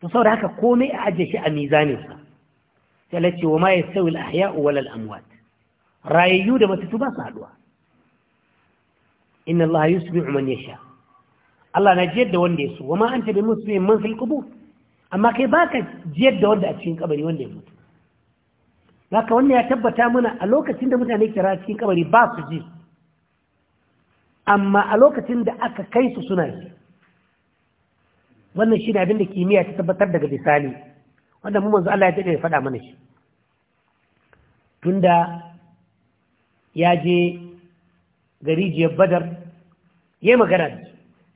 to saboda haka komai a ajiye shi a mizaninsa sai ce wa ma ya al al’ahya walal amwat rayayyu da matattu ba su haduwa inna Allah umar ya sha Allah na jiyar da wanda ya su wa ma an anta bi muslimin man fil qubur amma kai baka jiyar da wanda a cikin kabari wanda ya mutu ka wanda ya tabbata mana a lokacin da mutane kira cikin kabari ba su ji amma a lokacin da aka kai su suna ji wannan shi ne abin da kimiyya ta tabbatar daga misali wanda mu manzo Allah ya dade ya faɗa mana shi tunda ya je gari je badar ya yi magana da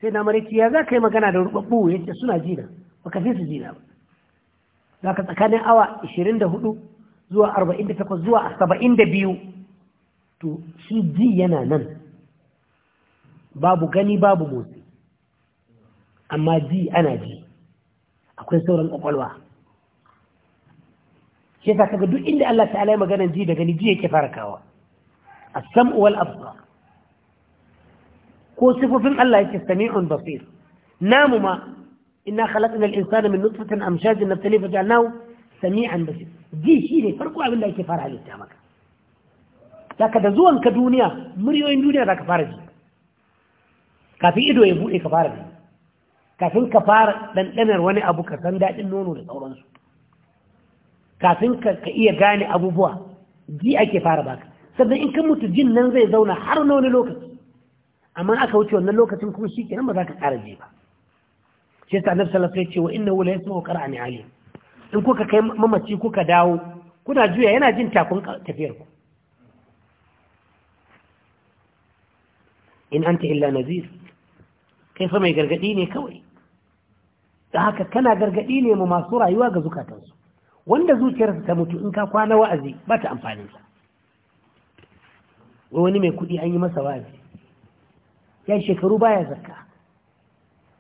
sai na marici ya za ka yi magana da rubabbu ya ce suna jina ba ka fi su jina ba za ka tsakanin awa 24 zuwa 48 zuwa 72 to shi ji yana nan babu gani babu motsi amma ji ana ji akwai sauran kwakwalwa shi yasa kaga duk inda Allah ta'ala ya magana ji daga ni ji yake fara kawa as-sam'u wal absar ko sifofin Allah yake sami'un basir namu ma inna khalaqna al-insana min nutfatin amshajin nabtali fajalnahu sami'an basir ji shi ne farko abin da yake fara halitta maka daga da zuwanka duniya muryoyin duniya za ka fara ji kafin ido ya buɗe ka fara ji kafin ka fara ɗanɗanar wani abu ka san daɗin nono da sauransu kafin ka iya gane abubuwa ji ake fara baka sannan in ka mutu jin nan zai zauna har na wani lokaci amma aka wuce wannan lokacin kuma shi kenan ba za ka ƙara ji ba shi yasa annabi sallallahu alaihi wasallam ya ce wa innahu la qara qara'ani alim in kuka kai mamaci kuka dawo kuna juya yana jin takun tafiyar ku in anta illa nazir kai fa mai gargadi ne kawai da haka kana gargadi ne mu masu rayuwa ga zukatansu wanda zuciyarsa ta mutu in ka kwana wa'azi ba ta amfaninsa wani mai kudi an yi masa wa'azi ya shekaru baya zakka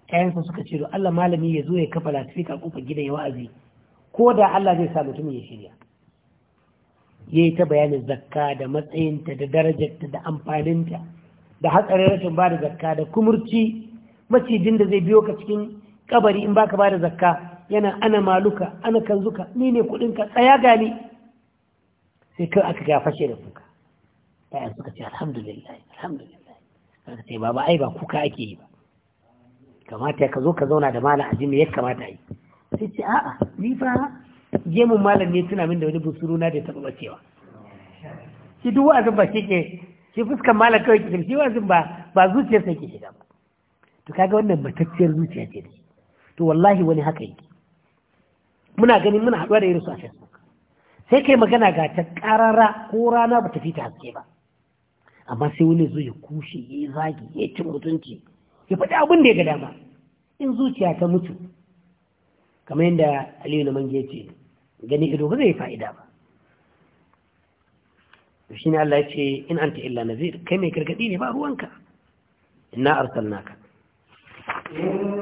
ƴaƴansa suka ce Allah malami ya zo ya kafa a kofar gidan ya wa'azi ko da Allah zai sa mutum ya shirya ya yi ta bayanin zakka da matsayinta da darajarta da amfaninta da hatsarin rashin ba da zakka da kumurci macijin da zai biyo ka cikin kabari in baka ba da zakka yana ana maluka ana kanzuka ni ne kudinka tsaya gani sai kai aka ga fashe da kuka bayan suka ce alhamdulillah alhamdulillah suka ce ba ba ai ba kuka ake yi ba kamata ka zo ka zauna da malam ajin ya kamata yi sai ce a'a ni fa gemun malam ne tuna min da wani busuruna da taɓa bacewa shi duk wa'azin ba shi ke shi fuskan malam kawai ke shi wa'azin ba ba zuciyarsa ke shiga ba to kaga wannan matacciyar zuciya ce da to wallahi wani haka yake muna ganin muna haɗuwa da irinsu a facebook sai kai magana ga ta ƙarara ko rana ba ta fita haske ba amma sai wani zo ya kushe ya zagi ya cin mutunci ya faɗi abin da ya ga dama in zuciya ta mutu kamar yadda aliyu na mange ce gani ido ba zai fa'ida ba shi ne Allah ya ce in anta illa nazir kai mai gargadi ne ba ruwanka inna arsalnaka inna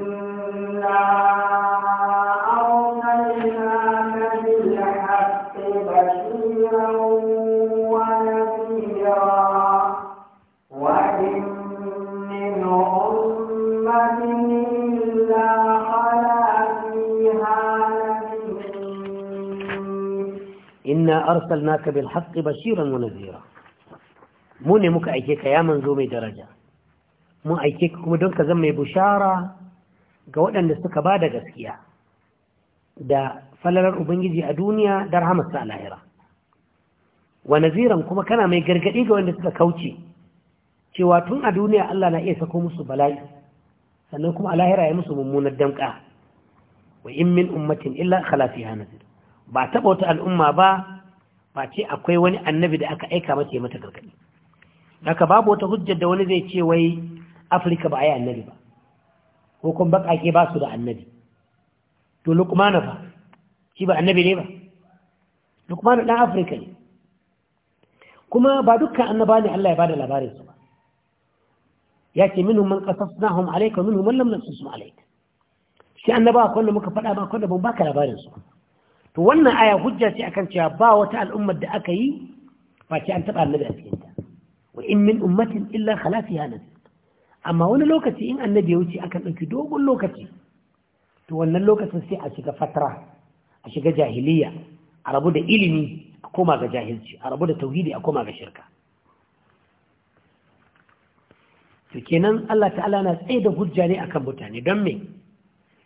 inna arsalnaka bil haqqi bashiran wa nadhira mu ne muka aike ka ya manzo mai daraja mu aike ka kuma don ka zama mai bushara ga waɗanda suka ba da gaskiya da falalar ubangiji a duniya da rahamarsa sa lahira wa naziran kuma kana mai gargaɗi ga wanda suka kauce cewa tun a duniya Allah na iya sako musu bala'i sannan kuma a lahira ya musu mummunar damƙa wa in min ummatin illa khala fiha nazir ba taɓa wata al'umma ba face akwai wani annabi da aka aika mata ya mata gargadi haka babu wata hujjar da wani zai ce wai afirka ba a yi annabi ba ko kuma baƙaƙe ba su da annabi to lukmana ba shi ba annabi ne ba lukmana ɗan afirka ne kuma ba dukkan annaba ne Allah ya bada labarinsu ba ya ce minhum man qasasnahum alayka minhum man lam naqsusum alayka shi annaba akwai wanda muka faɗa ba akwai wanda ban baka labarinsu ba to wannan aya hujja ce akan cewa ba wata al'ummar da aka yi ce an taɓa annabi a cikinta wa in min ummatin illa khala fiha nazir amma wani lokaci in annabi ya wuce akan ɗauki dogon lokaci to wannan lokacin sai a shiga fatara a shiga jahiliya a rabu da ilimi a koma ga jahilci a rabu da tauhidi a koma ga shirka to kenan Allah ta'ala na tsaye da hujja ne akan mutane don me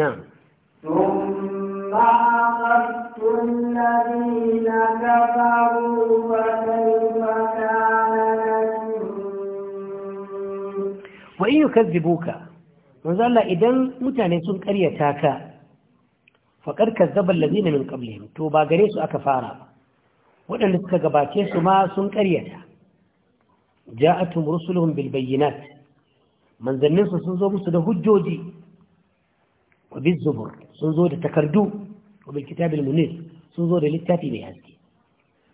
نعم ثم عقبت الذين كفروا فكيف كان وإن يكذبوك وقال الله إذن متانيسون كريا فقد كذب الذين من قبلهم توبا قريسوا أكفارا وإن لسك قباكيسوا ما سون كريا جاءتهم رسلهم بالبينات من ذننسوا سنزوا مستدى هجوجي وبالزبر سنزود التكردو وبالكتاب المنير سنزود للتافي بهذه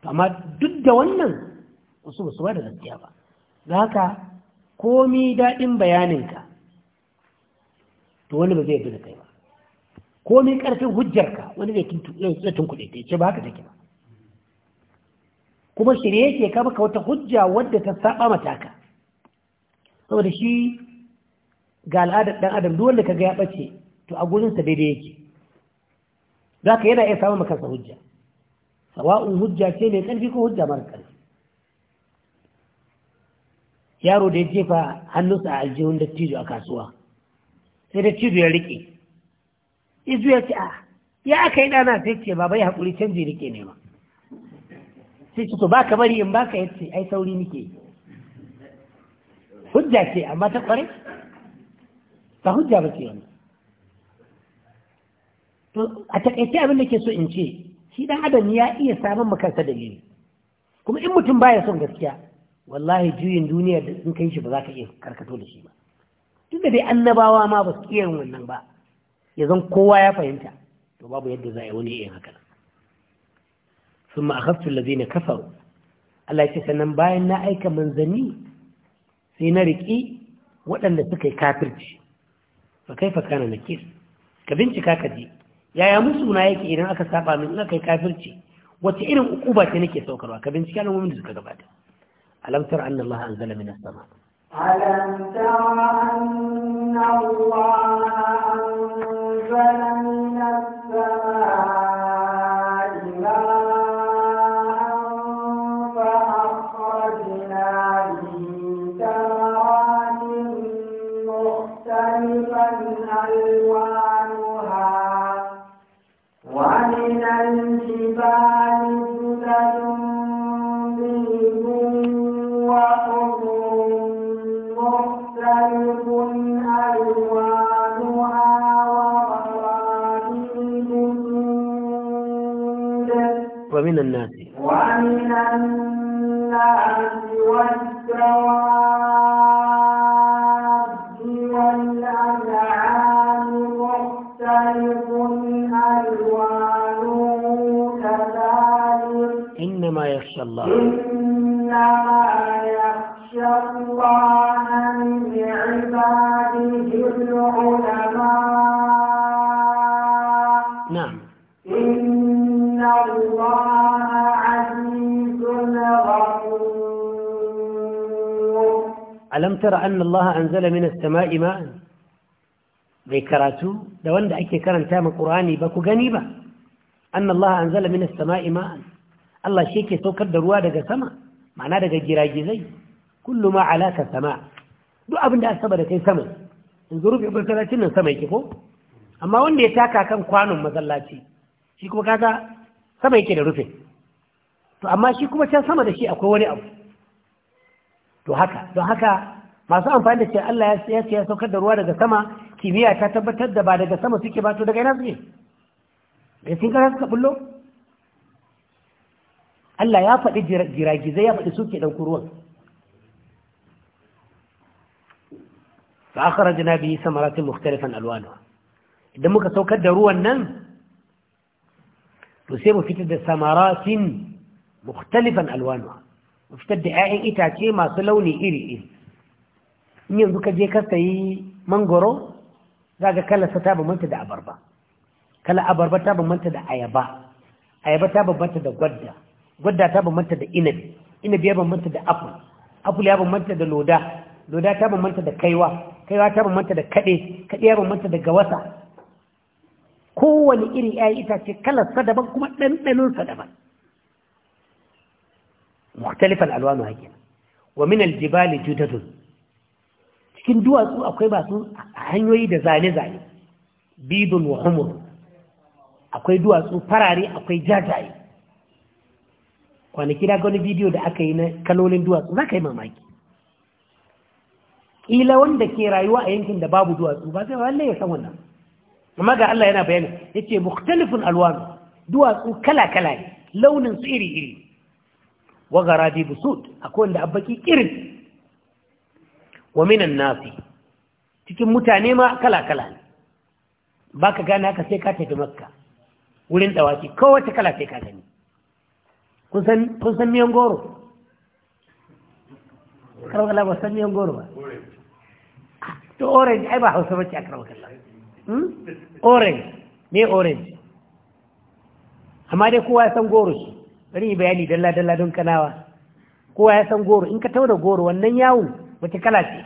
فما ضد ونن وسوى سوى هذا السياق ذاك komi daɗin bayaninka to wani ba zai yadda da kai ba komi ƙarfin hujjarka wani zai tunkuɗe ta ce ba haka take ba kuma shirye yake ka baka wata hujja wadda ta saba mataka saboda shi ga al'adar ɗan adam duk ka ga ya ɓace to a gurinsa daidai yake za ka yana iya samun makansa hujja sawa'un hujja ce mai ƙarfi ko hujja mara ƙarfi yaro da ya jefa hannunsa a aljihun dattijo a kasuwa sai dattijo ya riƙe izu ya ce a ah, ya aka yi ɗana sai ce Babai ya haƙuri canji riƙe ne ma sai ce to ba ka bari in ba ka yace ai sauri nike yi hujja ce amma ta ƙware ba hujja ba ce wani to a takaice abin da ke so in ce shi dan adam ya iya samun makarsa dalili kuma in mutum baya son gaskiya wallahi juyin duniya da in kai shi ba za ka iya karkato da shi ba duk da dai annabawa ma ba su iya wannan ba ya zan kowa ya fahimta to babu yadda za a yi wani iya haka summa akhaftu na kafar, Allah ce sannan bayan na aika manzanni sai na riƙi waɗanda suka yi kafirci fa kaifa kana kis, ka bincika ka je. yaya musuna yake idan aka saba min ina aka yi kafirci wace irin ukuba ce nake saukarwa ka bincike al'ummomin da suka gabata alam tara anna Allah anzala minas sama alam tara anna Allah anzala tara an Allah anzala min as-sama'i ma'an bai karatu da wanda ake karanta ma Qur'ani ba ku gani ba an Allah anzala min as-sama'i ma'an Allah shi saukar da ruwa daga sama ma'ana daga giragizai kullu ma alaka sama duk abin da da kai sama yanzu rufe masallacin nan sama yake ko amma wanda ya taka kan kwanon masallaci shi kuma kaga sama yake da rufe to amma shi kuma can sama da shi akwai wani abu to haka don haka masu amfani da ce Allah ya ce ya saukar da ruwa daga sama kimiyya ta tabbatar da ba daga sama suke ba to daga ina suke ya sun kasa suka bullo Allah ya faɗi jiragizai ya faɗi suke ɗauki ruwan fa akhrajna bihi samaratin mukhtalifan alwano idan muka saukar da ruwan nan to sai mu fitar da samaratin mukhtalifan alwano mu fitar da 'ya'yan itace masu launi iri iri in yanzu ka je ka sayi mangoro za ga kalarsa ta bambanta da abarba kala abarba ta bambanta da ayaba ayaba ta bambanta da gwadda gwadda ta bambanta da inabi inabi ya bambanta da apple apple ya bambanta da loda loda ta bambanta da kaiwa kaiwa ta bambanta da kade kade ya bambanta da gawasa kowane iri ya itace kalarsa daban kuma sa daban mukhtalifan alwanu hakin wa min aljibali judadun cikin duwatsu akwai a hanyoyi da zane-zane bidon wa humur akwai duwatsu farare akwai jajaye kwanaki da wani bidiyo da aka yi na kalolin duwatsu za ka yi mamaki ƙila wanda ke rayuwa a yankin da babu duwatsu ba zai wallaye ya san wannan amma ga Allah yana bayani ce mukhtalifin alwanu duwatsu kala-kala ne launin su iri-iri wa garabi busud akwai wanda abbaki irin wa minan nasi cikin mutane ma kala-kala ne ba ka gane haka sai ka tafi makka wurin dawaki kowace kala sai ka gani kun san miyan goro karbala ba san miyan goro ba to orange ai ba hausa bacci a karbala hmm? orange ne orange amma dai kowa ya san goro shi bari yi bayani dalla-dalla don kanawa kowa ya san goro in ka tau da goro wannan yawon wace kala ce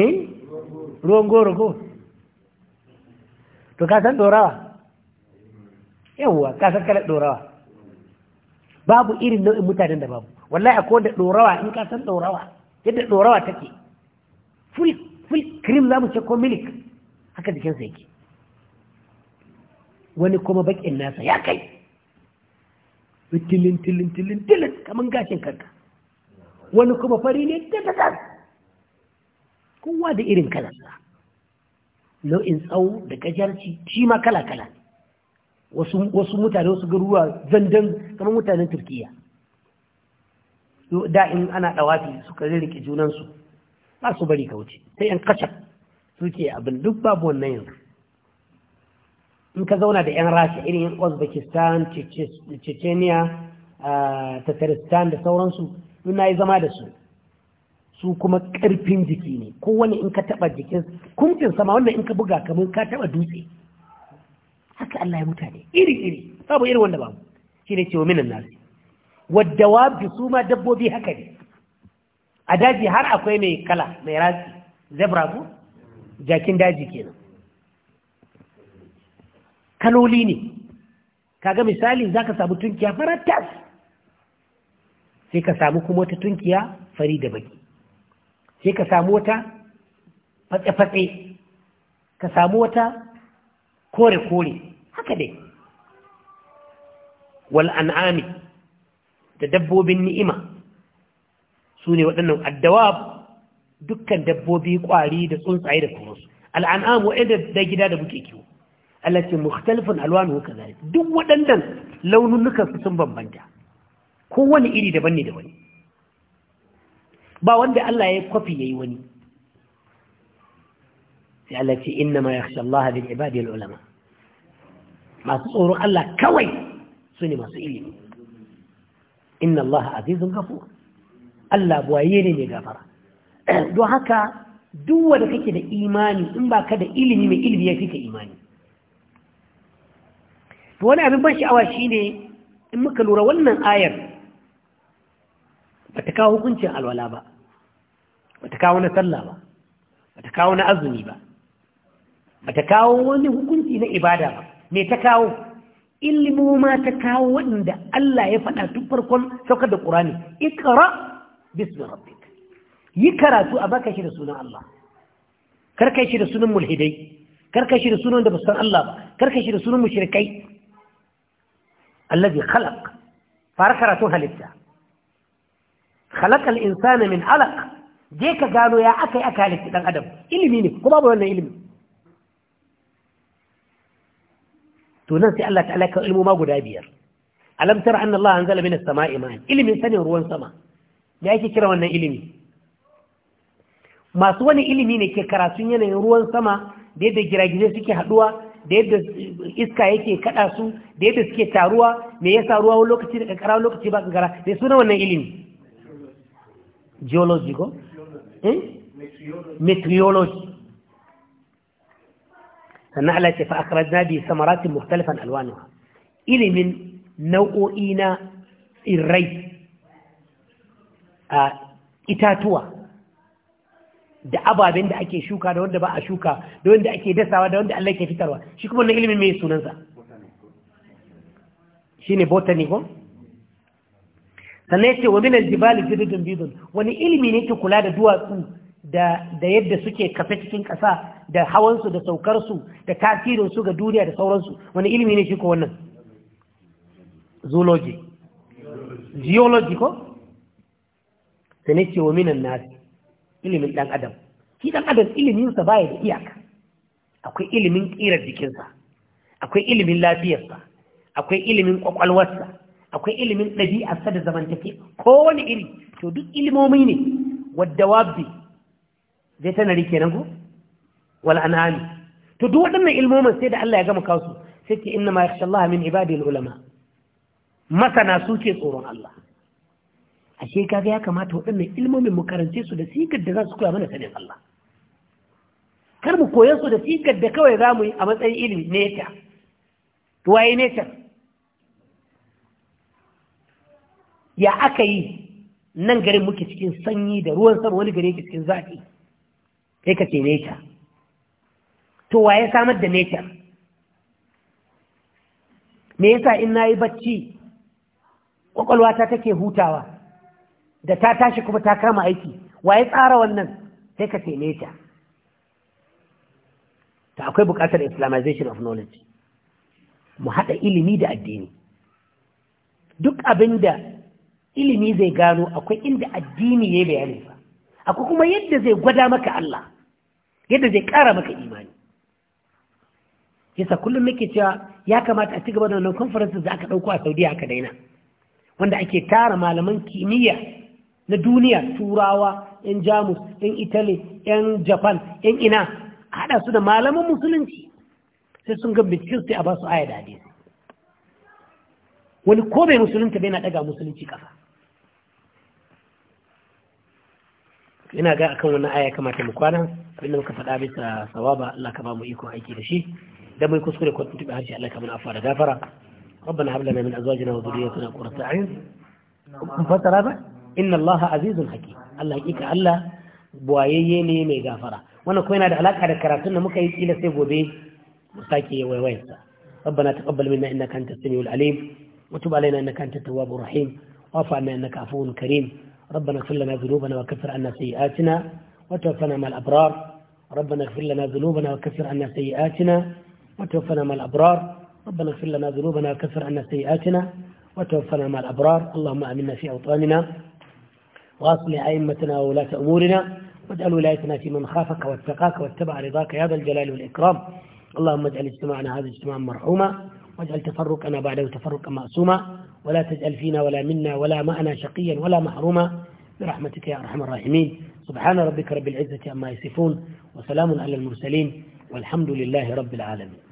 eh ruwan goro ko to ka san dorawa yawwa ka san kalar dorawa babu irin nau'in mutanen da babu wallahi a da dorawa in ka san dorawa yadda dorawa take full full cream mu ce ko milk haka jikinsa yake wani kuma bakin nasa ya kai tilin tilin tilin tilin kamar gashin kanka wani kuma fari ne tattakar kowa da irin kalarsa nau'in tsawo da gajarci shi ma kala-kala wasu mutane wasu garuwa zandan kamar mutanen turkiya da in ana ɗawafi suka rike junansu ba su bari ka wuce sai yan kacar suke abin duk babu wannan yanzu in ka zauna da 'yan rasha irin yan uzbekistan chechenia eh, tataristan da sauransu In na yi zama da su su kuma ƙarfin jiki ne kowane in ka taɓa jikin kuncin sama wanda in ka buga kamar ka taɓa dutse haka Allah ya mutane iri iri babu irin wanda babu shi ne cewa minan nasi wadda wabi su ma dabbobi haka ne a daji har akwai mai kala mai ratsi zebra ko jakin daji kenan kaloli ne kaga misali zaka samu tunkiya faratas sai ka samu kuma wata tunkiya fari da baki sai ka samu wata fatse-fatse ka samu wata kore-kore haka dai wal'an'ami da dabbobin ni'ima su ne waɗannan addawa dukkan dabbobi ƙwari da tsuntsaye da kurosu al'an'amu inda da gida da muke kiwo Allah mukhtalifun alwanu kazalik duk waɗannan nukan su sun bambanta kowane iri daban ne da wani ba wanda Allah ya kwafi yi wani sai Allah ce inna ma yakhsha Allah bil ibadi ulama masu tsoron Allah kawai su ne masu ilimi inna Allah azizun ghafur Allah buwaye ne mai gafara <clears throat> don haka duk da kake da imani in ba ka da ilimi mai ilimi ya fi ka imani to wani abin ban sha'awa shine in muka lura wannan ayar kawo hukuncin alwala ba ta kawo na sallah ba ta kawo na azumi ba bata kawo wani hukunci na ibada ba me ta kawo ilimu ma ta kawo waɗanda Allah ya faɗa tun farkon saukar da ƙurani ikra bismi rabbik yi karatu a baka shi da sunan Allah karka shi da sunan mulhidai karka shi da sunan da basan Allah ba karka shi da sunan mushrikai allazi khalaq fara karatun halitta khalaqal insana min alaq je ka gano ya akai aka halitta dan adam ilimi ne kuma ba wannan ilimi to nan sai Allah ta'ala ka ilmu ma guda biyar alam tara anna Allah anzala minas sama'i ma'an ilimin sanin ruwan sama me ake kira wannan ilimi masu wani ilimi ne ke karatun yanayin ruwan sama da yadda giragizai suke haduwa da yadda iska yake kada su da yadda suke taruwa me yasa ruwa wani lokaci da kankara wani lokaci ba kankara da suna wannan ilimi geology ko eh meteorology sannan ala ce fa akhrajna bi samaratin mukhtalifan alwanuha ilimin nau'o'i na tsirrai a itatuwa da ababen da ake shuka da wanda ba a shuka da wanda ake dasawa da wanda Allah ke fitarwa shi kuma na ilimin mai sunansa shine botany ko sannan yace wani Jibali aljibali jididun bidun wani ilimi ne ke kula da duwatsu da da yadda suke kafe cikin ƙasa da hawansu da saukarsu da tasirinsu ga duniya da sauransu wani ilimi ne shi ko wannan zoology geology ko sai ne ce wa minan nasi ilimin ɗan adam shi ɗan adam iliminsa baya da iyaka akwai ilimin kirar jikinsa akwai ilimin lafiyarsa akwai ilimin ƙwaƙwalwarsa akwai ilimin ɗabi'a da zamantake kowane iri to duk ilimomi ne wadda wabbi zai tana rike nan ko wal an'ami to duk waɗannan ilmomin sai da Allah ya gama kawo su sai ke inna ma yakhsha Allah min ibadi ulama masana su ke tsoron Allah ashe kaga ya kamata waɗannan ilmomin mu karance su da sigar da za su koya mana sanin Allah kar mu koyan su da sigar da kawai za mu yi a matsayin ilimi ne ta to waye ne ta ya aka yi nan garin muke cikin sanyi da ruwan sama wani gari yake cikin zafi kai ka ce nature to wa ya samar da nature me yasa in na yi bacci kwakwalwata take hutawa da ta tashi kuma ta kama aiki wa ya tsara wannan sai ka ce nature ta akwai bukatar islamization of knowledge mu haɗa ilimi da addini duk abinda. ilimi zai gano akwai inda addini ya bayani ba akwai kuma yadda zai gwada maka Allah yadda zai kara maka imani yasa kullum nake cewa ya kamata a cigaba da wannan conference da aka ɗauko a Saudiya aka daina wanda ake tara malaman kimiyya na duniya turawa yan jamus yan italy yan japan yan ina haɗa su da malaman musulunci sai sun ga binciken sai a ba su aya da hadisi wani ko bai musulunta bai na ɗaga musulunci kafa ina ga akan wannan aya kamata mu kwana abinda muka faɗa bisa sawaba Allah ka ba mu iko aiki da shi dan mu kuskure ko tuntuɓe harshe Allah ka mana afuwa da gafara ربنا هب لنا من ازواجنا وذريتنا قرة اعين فترى ان الله عزيز حكيم الله يكيك الله buwayayye ne mai gafara wannan kuma yana da alaka da karatun da muka yi kila sai gobe mu sake waiwayarsa ربنا تقبل منا انك انت السميع العليم وتب علينا انك انت التواب الرحيم وعفو انك عفو كريم ربنا اغفر لنا ذنوبنا وكفر عنا سيئاتنا وتوفنا مع الأبرار ربنا اغفر لنا ذنوبنا وكفر عنا سيئاتنا وتوفنا مع الأبرار ربنا اغفر لنا ذنوبنا وكفر عنا سيئاتنا وتوفنا مع الأبرار اللهم آمنا في أوطاننا وأصل أئمتنا وولاة أمورنا واجعل ولايتنا في من خافك واتقاك واتبع رضاك يا ذا الجلال والإكرام اللهم اجعل اجتماعنا هذا اجتماعا مرحوما واجعل تفرقنا بعده تفرقا معصوما ولا تجعل فينا ولا منا ولا معنا شقيا ولا محروما برحمتك يا أرحم الراحمين سبحان ربك رب العزة عما يصفون وسلام على المرسلين والحمد لله رب العالمين